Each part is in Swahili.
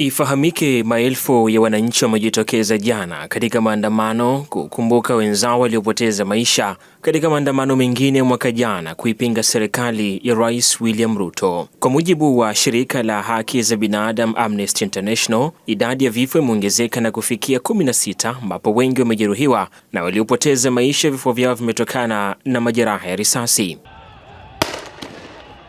Ifahamike, maelfu ya wananchi wamejitokeza jana katika maandamano kukumbuka wenzao waliopoteza maisha katika maandamano mengine mwaka jana kuipinga serikali ya Rais William Ruto. Kwa mujibu wa shirika la haki za binadamu Amnesty International, idadi ya vifo imeongezeka na kufikia 16 ambapo wengi wamejeruhiwa na waliopoteza maisha vifo vyao vimetokana na majeraha ya risasi.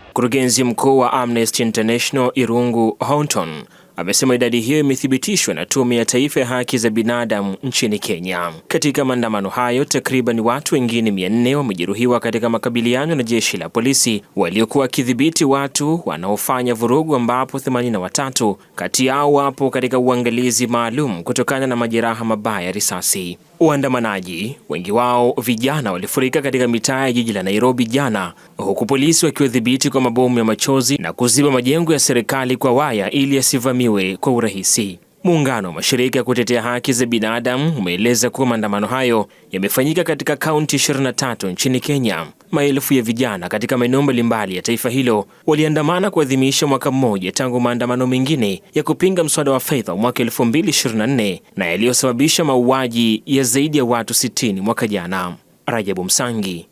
Mkurugenzi mkuu wa Amnesty International Irungu Houghton amesema idadi hiyo imethibitishwa na Tume ya Taifa ya Haki za Binadamu nchini Kenya. Katika maandamano hayo, takriban watu wengine 400 wamejeruhiwa katika makabiliano na jeshi la polisi waliokuwa wakidhibiti watu wanaofanya vurugu, ambapo 83 kati yao wapo katika uangalizi maalum kutokana na majeraha mabaya ya risasi. Waandamanaji wengi wao vijana walifurika katika mitaa ya jiji la Nairobi jana, huku polisi wakiwadhibiti kwa mabomu ya machozi na kuziba majengo ya serikali kwa waya ili yasivamiwe kwa urahisi. Muungano wa mashirika ya kutetea haki za binadamu umeeleza kuwa maandamano hayo yamefanyika katika kaunti 23 nchini Kenya. Maelfu ya vijana katika maeneo mbalimbali ya taifa hilo waliandamana kuadhimisha mwaka mmoja tangu maandamano mengine ya kupinga mswada wa fedha mwaka 2024 na yaliyosababisha mauaji ya zaidi ya watu 60 mwaka jana. Rajabu Msangi,